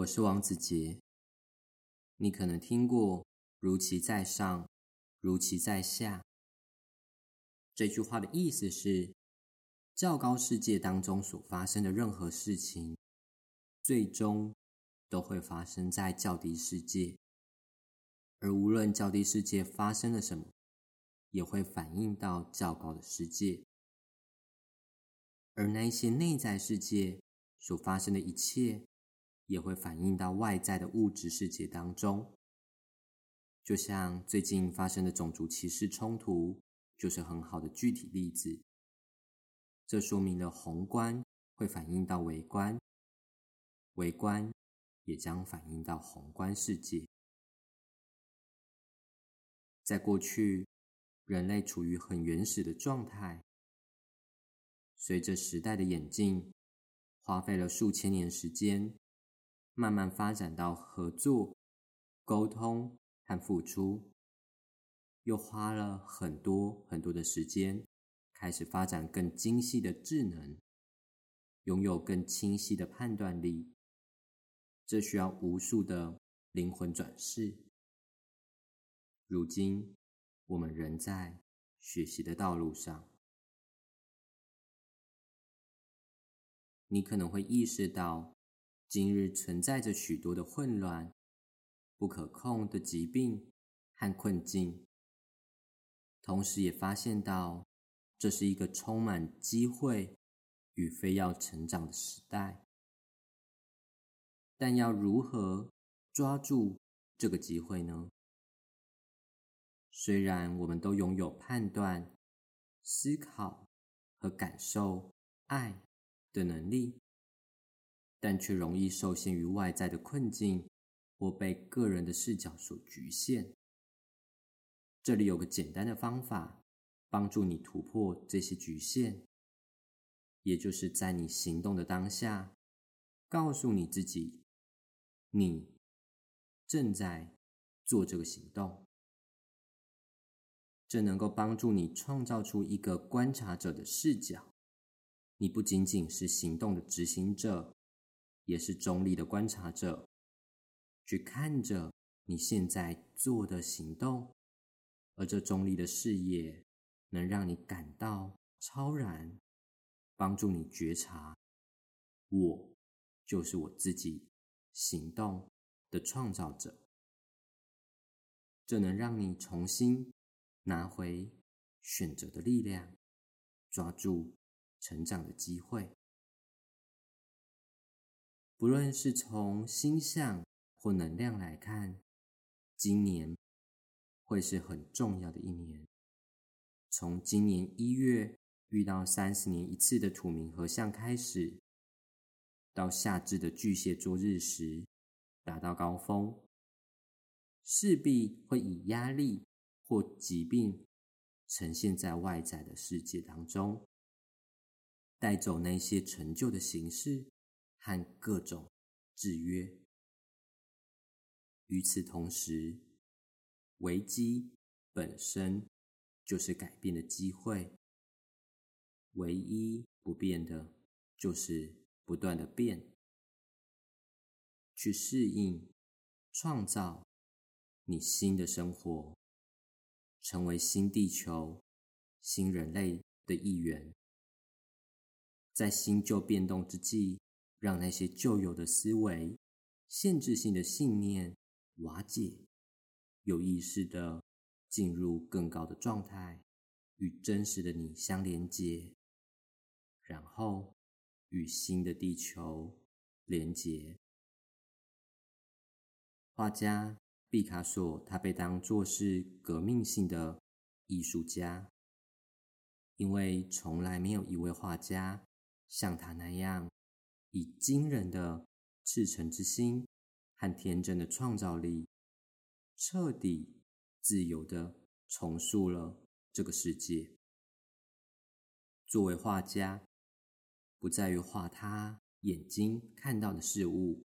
我是王子杰，你可能聽過“如其在上，如其在下”這句話的意思是：較高世界當中所發生的任何事情，最終都會發生在較低世界；而無論較低世界發生了什麼，也會反映到較高的世界。而那些內在世界所發生的一切，也會反映到外在的物質世界當中，就像最近發生的種族歧視衝突，就是很好的具體例子。這說明了宏觀會反映到微觀，微觀也將反映到宏觀世界。在過去，人類處於很原始的狀態，隨着時代的演進，花費了數千年時間。慢慢發展到合作、溝通和付出，又花了很多很多的時間，開始發展更精細的智能，擁有更清晰的判斷力。這需要無數的靈魂轉世。如今，我們仍在學習的道路上。你可能會意識到。今日存在着許多的混亂、不可控的疾病和困境，同時也發現到這是一個充滿機會與非要成長的時代。但要如何抓住這個機會呢？雖然我們都擁有判斷、思考和感受愛的能力。但卻容易受限於外在的困境，或被個人的視角所局限。這裡有個簡單的方法，幫助你突破這些局限，也就是在你行動的當下，告訴你自己，你正在做這個行動。這能夠幫助你創造出一個觀察者的視角，你不僅僅是行動的執行者。也是中立的觀察者，去看着你現在做的行動，而這中立的視野能讓你感到超然，幫助你覺察：我就是我自己，行動的創造者。這能讓你重新拿回選擇的力量，抓住成長的機會。不論是從星象或能量來看，今年會是很重要的一年。從今年一月遇到三十年一次的土冥合相開始，到夏至的巨蟹座日食達到高峰，勢必會以壓力或疾病呈現在外在的世界當中，帶走那些陳舊的形式。和各種制約。與此同時，危機本身就是改變的機會。唯一不變的，就是不斷的變，去適應、創造你新的生活，成為新地球、新人類的一員。在新舊變動之際，讓那些舊有的思維、限制性的信念瓦解，有意識的進入更高的狀態，與真實的你相連接，然後與新的地球連接。畫家畢卡索，他被當作是革命性的藝術家，因為從來沒有一位畫家像他那樣。以驚人的赤誠之心和天真的創造力，徹底自由地重塑了這個世界。作為畫家，不在於畫他眼睛看到的事物，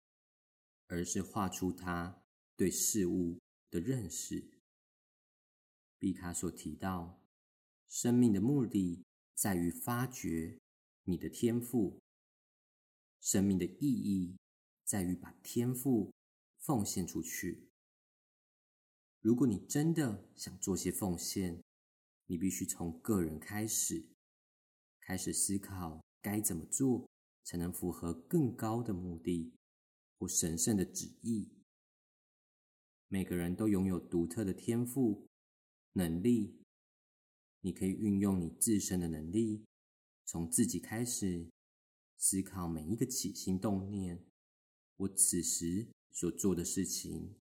而是畫出他對事物的認識。畢卡索提到，生命的目的在於發掘你的天賦。生命的意義在於把天賦奉獻出去。如果你真的想做些奉獻，你必須從個人開始，開始思考該怎麼做才能符合更高的目的或神聖的旨意。每個人都擁有獨特的天賦能力，你可以運用你自身的能力，從自己開始。思考每一個起心動念，我此時所做的事情，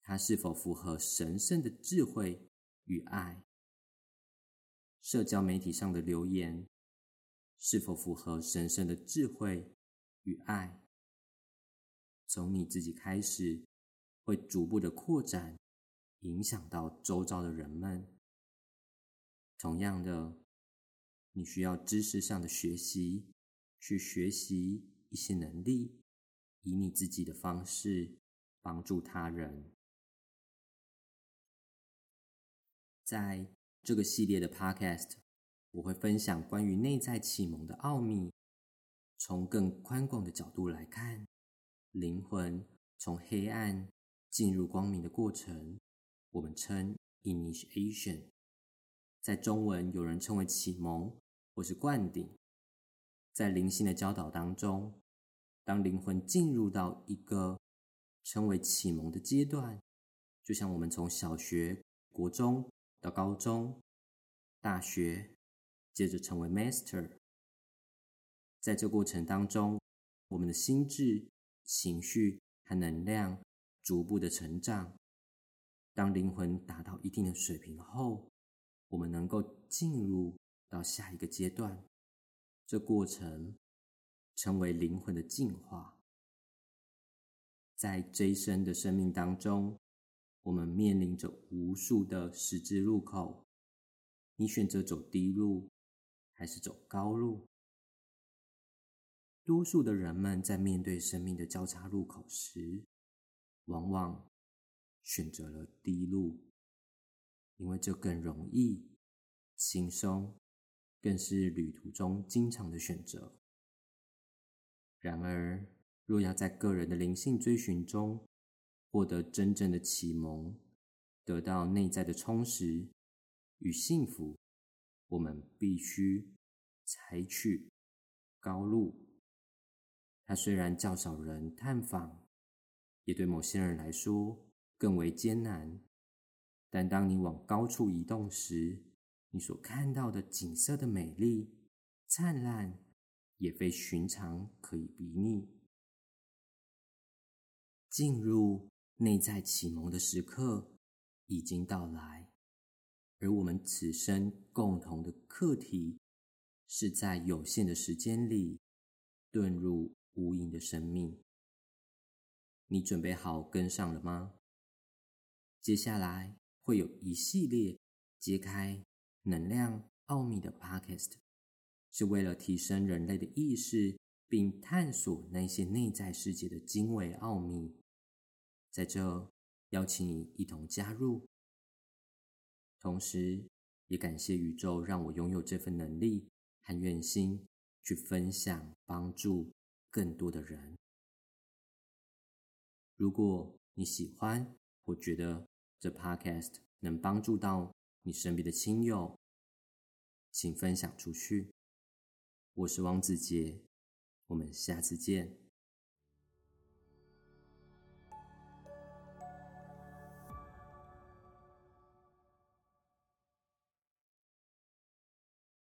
它是否符合神聖的智慧與愛？社交媒體上的留言，是否符合神聖的智慧與愛？從你自己開始，會逐步的擴展，影響到周遭的人們。同樣的，你需要知識上的學習。去學習一些能力，以你自己的方式幫助他人。在這個系列的 Podcast，我會分享關於內在啟蒙的奧秘。從更寬廣的角度來看，靈魂從黑暗進入光明的過程，我們稱 Initiation。在中文，有人稱為啟蒙或是灌頂。在靈性的教導當中，當靈魂進入到一個稱為啟蒙的階段，就像我們從小學、國中到高中、大學，接着成為 Master。在這過程當中，我們的心智、情緒和能量逐步的成長。當靈魂達到一定的水平後，我們能夠進入到下一個階段。這過程成為靈魂的進化。在這一生的生命當中，我們面臨着無數的十字路口，你選擇走低路還是走高路？多數的人們在面對生命的交叉路口時，往往選擇了低路，因為這更容易、輕鬆。更是旅途中經常的選擇。然而，若要在個人的靈性追尋中獲得真正的啟蒙，得到內在的充實與幸福，我們必須採取高路。它雖然較少人探訪，也對某些人來說更為艱難。但當你往高處移動時，你所看到的景色的美麗、燦爛，也非尋常可以比擬。進入內在啟蒙的時刻已經到來，而我們此生共同的課題，是在有限的時間裡，遁入無垠的生命。你準備好跟上了嗎？接下來會有一系列揭開。能量奧秘的 Podcast 是為了提升人類的意識，並探索那些內在世界的精微奧秘。在這，邀請你一同加入，同時也感謝宇宙讓我擁有這份能力，和願心去分享、幫助更多的人。如果你喜歡，或覺得這 Podcast 能幫助到你身邊的親友，請分享出去。我是王子杰，我們下次見。